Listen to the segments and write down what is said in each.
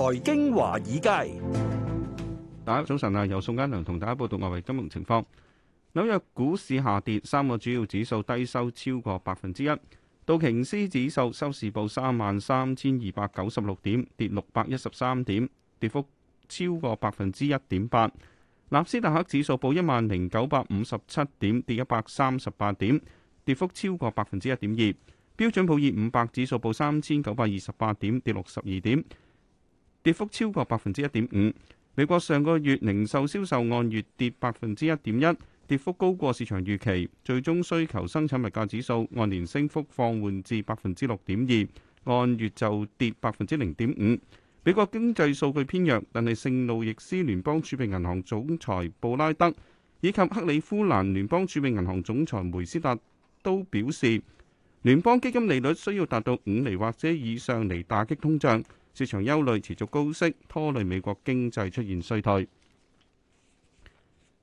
財經華爾街，大家早晨啊！由宋嘉良同大家報道外圍金融情況。紐約股市下跌，三個主要指數低收超過百分之一。道瓊斯指數收市報三萬三千二百九十六點，跌六百一十三點，跌幅超過百分之一點八。納斯達克指數報一萬零九百五十七點，跌一百三十八點，跌幅超過百分之一點二。標準普爾五百指數報三千九百二十八點，跌六十二點。跌幅超過百分之一點五。美國上個月零售銷售按月跌百分之一點一，跌幅高過市場預期。最終需求生產物價指數按年升幅放緩至百分之六點二，按月就跌百分之零點五。美國經濟數據偏弱，但係聖路易斯聯邦儲備銀行總裁布拉德以及克里夫蘭聯邦儲備銀行總裁梅斯特都表示，聯邦基金利率需要達到五厘或者以上嚟打擊通脹。市場憂慮持續高息拖累美國經濟出現衰退。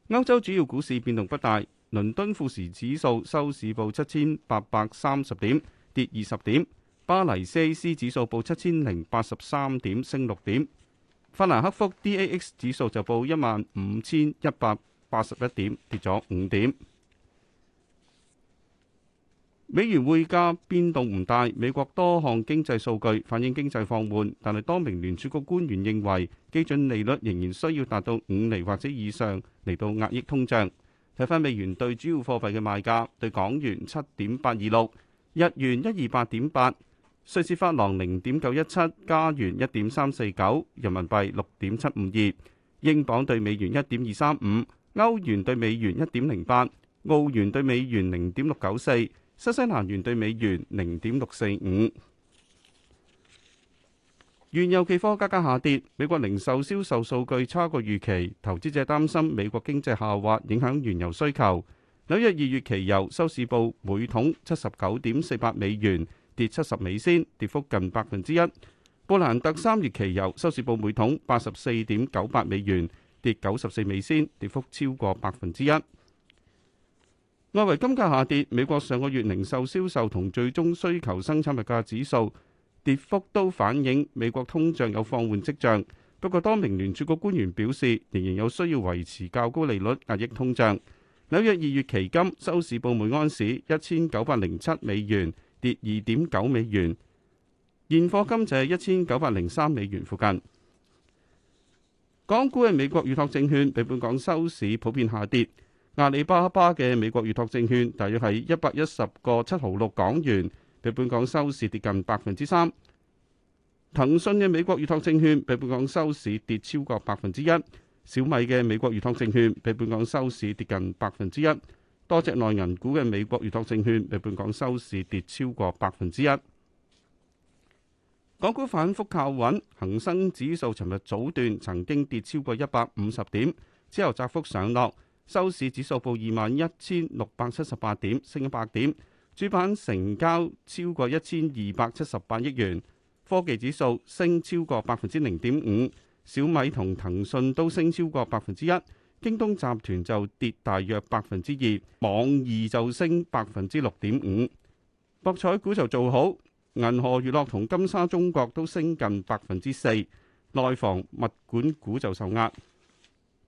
歐洲主要股市變動不大，倫敦富時指數收市報七千八百三十點，跌二十點；巴黎 CAC 指數報七千零八十三點，升六點；法蘭克福 DAX 指數就報一萬五千一百八十一點，跌咗五點。美元匯價變動唔大，美國多項經濟數據反映經濟放緩，但係多名聯儲局官員認為基準利率仍然需要達到五厘或者以上嚟到壓抑通脹。睇翻美元對主要貨幣嘅賣價，對港元七點八二六，日元一二八點八，瑞士法郎零點九一七，加元一點三四九，人民幣六點七五二，英鎊對美元一點二三五，歐元對美元一點零八，澳元對美元零點六九四。新西蘭元兌美元零點六四五，原油期貨價格下跌。美國零售銷售數據差過預期，投資者擔心美國經濟下滑影響原油需求。紐約二月期油收市報每桶七十九點四八美元，跌七十美仙，跌幅近百分之一。布蘭特三月期油收市報每桶八十四點九八美元，跌九十四美仙，跌幅超過百分之一。外圍金價下跌，美國上個月零售銷售同最終需求生產物價指數跌幅都反映美國通脹有放緩跡象。不過，多名聯儲局官員表示，仍然有需要維持較高利率壓抑通脹。紐約二月期金收市報每安士一千九百零七美元，跌二點九美元；現貨金就係一千九百零三美元附近。港股嘅美國預託證券，比本港收市普遍下跌。阿里巴巴嘅美國預託證券大約係一百一十個七毫六港元，比本港收市跌近百分之三。騰訊嘅美國預託證券比本港收市跌超過百分之一。小米嘅美國預託證券比本港收市跌近百分之一。多隻內銀股嘅美國預託證券比本港收市跌超過百分之一。港股反覆靠穩，恒生指數尋日早段曾經跌超過一百五十點，之後窄幅上落。收市指數報二萬一千六百七十八點，升一百點。主板成交超過一千二百七十八億元。科技指數升超過百分之零點五，小米同騰訊都升超過百分之一。京東集團就跌大約百分之二，網易就升百分之六點五。博彩股就做好，銀河娛樂同金沙中國都升近百分之四。內房物管股就受壓。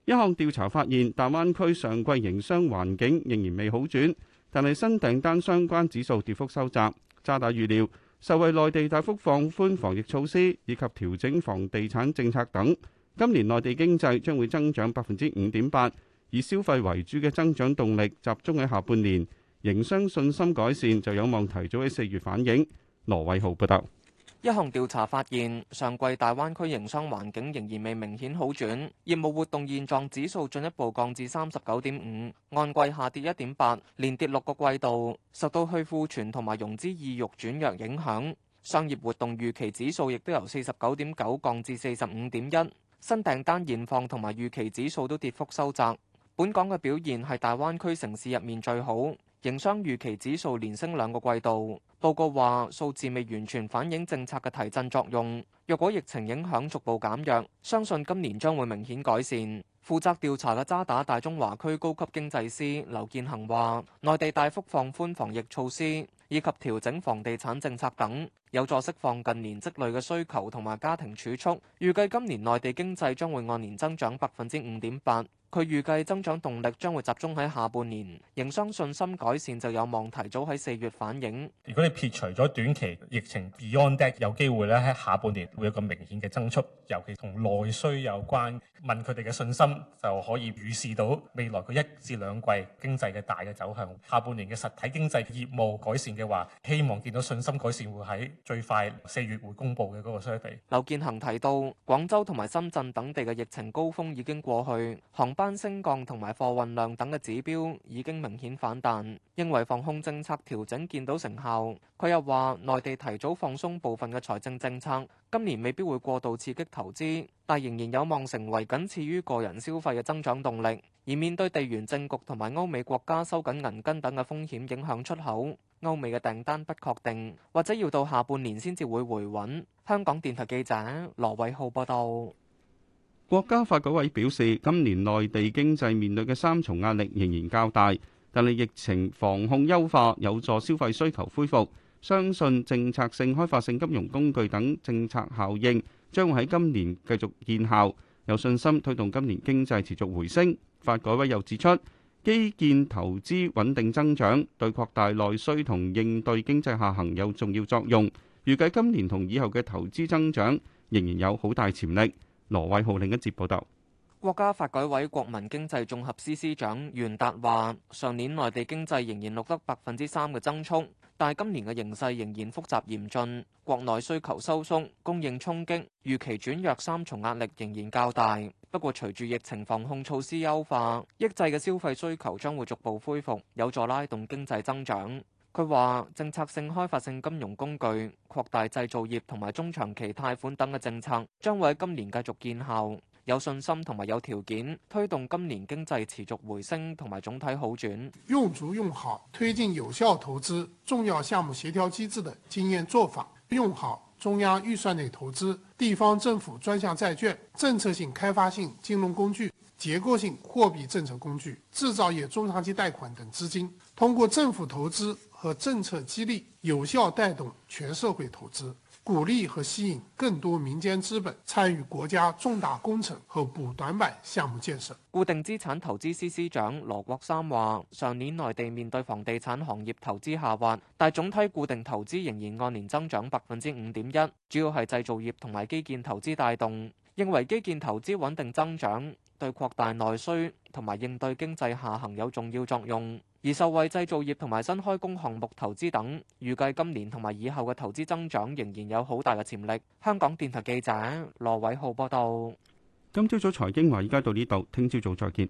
一項調查發現，大灣區上季營商環境仍然未好轉，但係新訂單相關指數跌幅收窄。渣打預料，受惠內地大幅放寬防疫措施以及調整房地產政策等，今年內地經濟將會增長百分之五點八，以消費為主嘅增長動力集中喺下半年，營商信心改善就有望提早喺四月反映。羅偉豪報道。一項調查發現，上季大灣區營商環境仍然未明顯好轉，業務活動現狀指數進一步降至三十九點五，按季下跌一點八，連跌六個季度，受到去庫存同埋融資意慾轉弱影響。商業活動預期指數亦都由四十九點九降至四十五點一，新訂單現況同埋預期指數都跌幅收窄。本港嘅表現係大灣區城市入面最好。營商預期指數連升兩個季度，報告話數字未完全反映政策嘅提振作用。若果疫情影響逐步減弱，相信今年將會明顯改善。負責調查嘅渣打大中華區高級經濟師劉建恒話，內地大幅放寬防疫措施，以及調整房地產政策等，有助釋放近年積累嘅需求同埋家庭儲蓄。預計今年內地經濟將會按年增長百分之五點八。佢預計增長動力將會集中喺下半年，營商信心改善就有望提早喺四月反映。如果你撇除咗短期疫情 beyond that 有機會咧喺下半年會有個明顯嘅增速，尤其同內需有關，問佢哋嘅信心就可以預示到未來佢一至兩季經濟嘅大嘅走向。下半年嘅實體經濟業務改善嘅話，希望見到信心改善會喺最快四月會公布嘅嗰個衰退。劉建恒提到，廣州同埋深圳等地嘅疫情高峰已經過去，班升降同埋貨運量等嘅指標已經明顯反彈，認為防控政策調整見到成效。佢又話：內地提早放鬆部分嘅財政政策，今年未必會過度刺激投資，但仍然有望成為僅次於個人消費嘅增長動力。而面對地緣政局同埋歐美國家收緊銀根等嘅風險影響出口，歐美嘅訂單不確定，或者要到下半年先至會回穩。香港電台記者羅偉浩報道。國家發改委表示，今年內地經濟面對嘅三重壓力仍然較大，但係疫情防控優化有助消費需求恢復，相信政策性開發性金融工具等政策效應將會喺今年繼續見效，有信心推動今年經濟持續回升。發改委又指出，基建投資穩定增長對擴大內需同應對經濟下行有重要作用，預計今年同以後嘅投資增長仍然有好大潛力。羅偉豪另一節報道，國家發改委國民經濟綜合司司長袁達話：上年內地經濟仍然錄得百分之三嘅增速，但係今年嘅形勢仍然複雜嚴峻，國內需求收縮、供應衝擊、預期轉弱三重壓力仍然較大。不過，隨住疫情防控措施優化，抑制嘅消費需求將會逐步恢復，有助拉動經濟增長。佢話：政策性開發性金融工具擴大製造業同埋中長期貸款等嘅政策，將會喺今年繼續見效，有信心同埋有條件推動今年經濟持續回升同埋總體好轉。用足用好推進有效投資重要項目協調機制嘅經驗做法，用好中央預算內投資、地方政府專項債券、政策性開發性金融工具。結構性貨幣政策工具、製造業中長期貸款等資金，通過政府投資和政策激勵，有效帶動全社會投資，鼓勵和吸引更多民間資本參與國家重大工程和補短板項目建設。固定資產投資司司長羅國三話：上年內地面對房地產行業投資下滑，但總體固定投資仍然按年增長百分之五點一，主要係製造業同埋基建投資帶動。認為基建投資穩定增長，對擴大內需同埋應對經濟下行有重要作用，而受惠製造業同埋新開工項目投資等，預計今年同埋以後嘅投資增長仍然有好大嘅潛力。香港電台記者羅偉浩報道。今朝早財經華爾街到呢度，聽朝早再見。